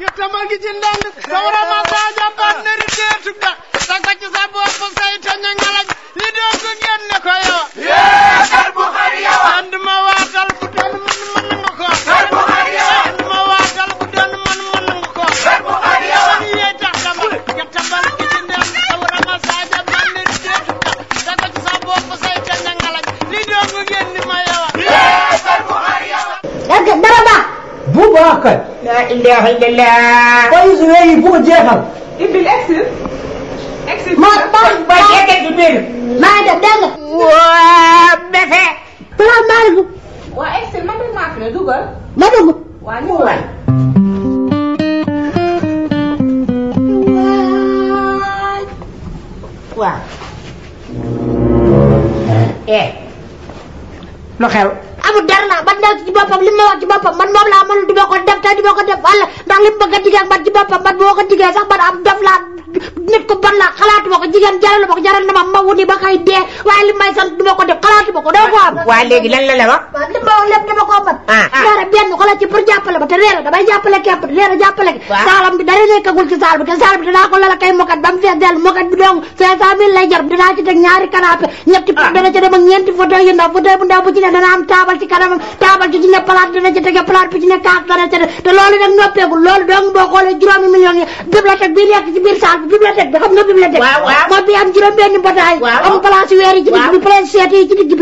yettamaki jindande gawrama dajampal neri tetuɗa sakaki saboko saytaña ngalaj lido ko ƴenne ko yewa yeɗal buhari yewa anduma watal ko tan man manango ko ɗal buhari yewa anduma watal ko tan man manango ko ɗal buhari yewa ye taxtama yettamaki jindande gawrama dajampal neri tetuɗa sakaki saboko saytaña ngalaj lido ko ƴennima yewa yeɗal buhari yewa baraba bubakar laa ilaaha illallaah. kon su wéy bu ko jeexal. Ibil egsi. egsi bi maa maa maa ngi def dégg nga. waa Mbese. salaamaaleykum. waa egsi man de maa fi ne dugal. ma dugg. waa ñu waay. waaw. eh. lu xew. amul dara la man nekk ci boppam li ma wax ci boppam man moom laa mënul du ma ko léegi doo ko def àll ndax li mu bëgg a diggee ak man ci boppam man boo ko diggee sax man am dof laa nit ko bon laa xalaatu ko jigéen jaral ma ko na ma ma ba xëy dee waaye li may sant du ko def xalaatu ma ko doo ko am waaw léegi lan la la wax li ma wax lépp dama koo mën leera benn xoolal ci pour jàppale ma te leera damay jàppale képp leera jàppale gi saalam bi dara nekkagul ci saal bi te saal bi dinaa ko lala kay mokat ba mu fees dell mokat bi dong cinq cent mille lay jar dinaa ci teg ñaari canapé ñetti pour ah. dana ci dem ak ñeenti fauteuil yu ndaw fauteuil bu ndaw bu ci ne dana am taabal ci kanamam taabal ci ci ne palaat dana ci tege palaat bi ci ne kaas dana ci te loolu nag noppeegul loolu dong boo xoolee juróomi millions yi bibliothèque bi nekk ci biir saal bi bibliothèque bi xam nga bibliothèque moom bi am juróom benn mbootaay am place weer yi ci digg bi place seet yi ci digg bi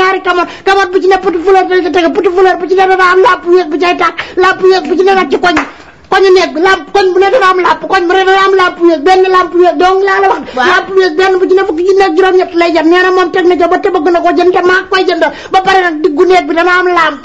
ñaari kamot kamot bu ci ne putu fleur dañ ko teg putu bu ci ne dana am làmp bu cay tàkk làmp wéeg bu ci ne nag ci koñ koñu nekk ne dana am koñ bu ne dana am làmp benn làmp wéeg donc laa la wax làmp wéeg benn bu ci ne fukki junni ak juróom-ñett lay jar nee moom teg na ca ba te bëgg ko jënd te maa koy jënd ba pare nag diggu néeg bi dana am làmp